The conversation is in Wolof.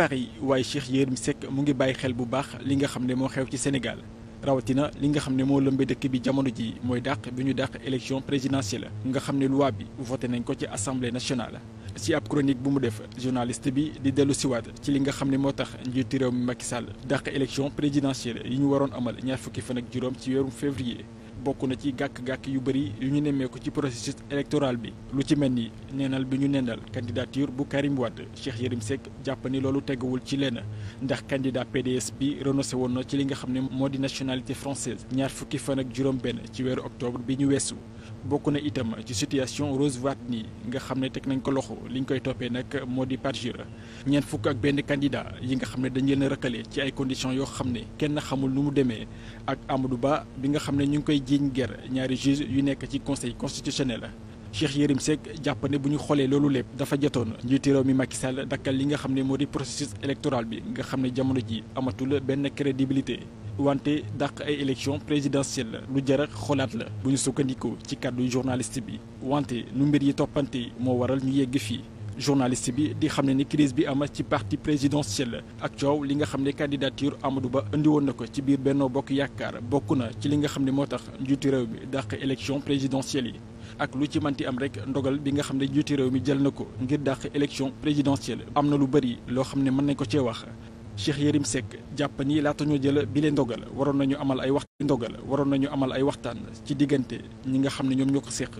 Paris waaye Cheikh Yérim Seck mu ngi bàyyi xel bu baax li nga xam ne moo xew ci Sénégal rawatina li nga xam ne moo lëmbee dëkk bi jamono ji mooy dàq bi ñu dàq élection présidentielle nga xam ne loi bi voté nañ ko ci assemblée nationale. ci ab chronique bu mu def journaliste bi di dellu siwaat ci li nga xam ne moo tax njiitu réew mi Macky Sall dàq élection présidentielle yi ñu waroon amal ñaar fukki fan ak juróom ci weeru février. bokk na ci gàkk-gàkk yu bëri yu ñu nemmeeku ci processus électoral bi lu ci mel ni neenal bi ñu nendal candidature bu Karim Wade Cheikh Yérim Seck jàpp ni loolu teguwul ci lenn ndax candidat PDS bi renoncé woon na ci li nga xam ne moo di nationalité française ñaar fukki fan ak juróom benn ci weeru octobre bi ñu weesu bokk na itam ci situation Rose Wardini nga xam ne teg nañ ko loxo liñ koy toppee nag moo di parjure ñeent fukk ak benn candidat yi nga xam ne dañu leen a rëkkale ci ay conditions yoo xam ne kenn xamul nu mu demee ak Amadou Ba bi nga xam ne ñu ngi koy jiiñ ger ñaari juge yu nekk ci conseil constitutionnel Cheikh Yérim Seck jàpp ne bu ñu xoolee loolu lépp dafa jotoon njiitu réew mi Macky Sall dakkal li nga xam ne moo di processus électoral bi nga xam ne jamono ji amatul benn crédibilité wante dàq ay élection présidentielle lu jar a xolaat la bu ñu sukkandikoo ci kàddu journaliste bi wante nu mbir yi toppante moo waral ñu yegg fii journaliste bi di xam ne ni crise bi am ci parti présidentiel ak coow li nga xam ne candidature amatu Ba indi woon na ko ci biir Benno Bokk Yaakaar bokk na ci li nga xam ne moo tax njiitu réew mi dàq élection présidentielle yi ak lu ci manti am rek ndogal bi nga xam ne juuti réew mi jël na ko ngir dàq élection présidentielle am na lu bëri loo xam ne mën nañ ko cee wax Cheikh Yérim Seck jàpp ni laata ñoo jël bile ndogal waroon nañu amal ay waxtaan ndogal waroon nañu amal ay waxtaan ci diggante ñi nga xam ne ñoom ñoo ko seq.